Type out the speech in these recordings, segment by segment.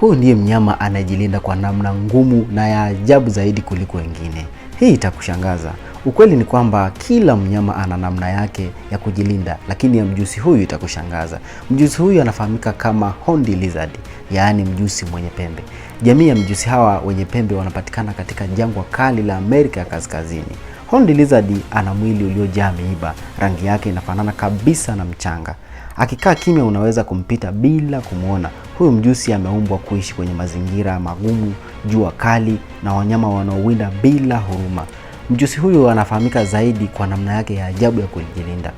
Huyu ndiye mnyama anayejilinda kwa namna ngumu na ya ajabu zaidi kuliko wengine. Hii itakushangaza. Ukweli ni kwamba kila mnyama ana namna yake ya kujilinda, lakini ya mjusi huyu itakushangaza. Mjusi huyu anafahamika kama horned lizard, yaani mjusi mwenye pembe. Jamii ya mjusi hawa wenye pembe wanapatikana katika jangwa kali la Amerika ya Kaskazini. Horned lizard ana mwili uliojaa miiba, rangi yake inafanana kabisa na mchanga. Akikaa kimya, unaweza kumpita bila kumwona. Huyu mjusi ameumbwa kuishi kwenye mazingira magumu, jua kali na wanyama wanaowinda bila huruma. Mjusi huyu anafahamika zaidi kwa namna yake ya ajabu ya kujilinda.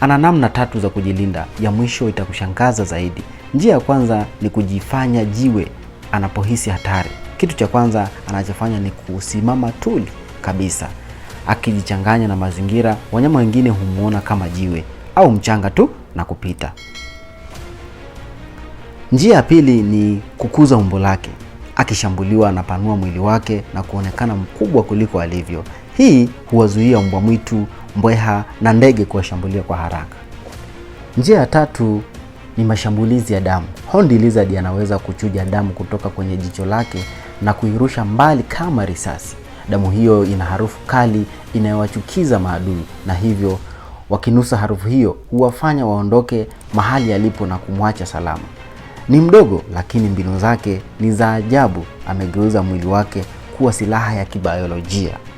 Ana namna tatu za kujilinda, ya mwisho itakushangaza zaidi. Njia ya kwanza ni kujifanya jiwe anapohisi hatari. Kitu cha kwanza anachofanya ni kusimama tuli kabisa akijichanganya na mazingira, wanyama wengine humwona kama jiwe au mchanga tu na kupita. Njia ya pili ni kukuza umbo lake. Akishambuliwa anapanua mwili wake na kuonekana mkubwa kuliko alivyo. Hii huwazuia mbwa mwitu, mbweha na ndege kuwashambulia kwa haraka. Njia ya tatu ni mashambulizi ya damu. Horned lizard anaweza kuchuja damu kutoka kwenye jicho lake na kuirusha mbali kama risasi. Damu hiyo ina harufu kali inayowachukiza maadui, na hivyo wakinusa harufu hiyo huwafanya waondoke mahali alipo na kumwacha salama. Ni mdogo lakini mbinu zake ni za ajabu. Amegeuza mwili wake kuwa silaha ya kibayolojia.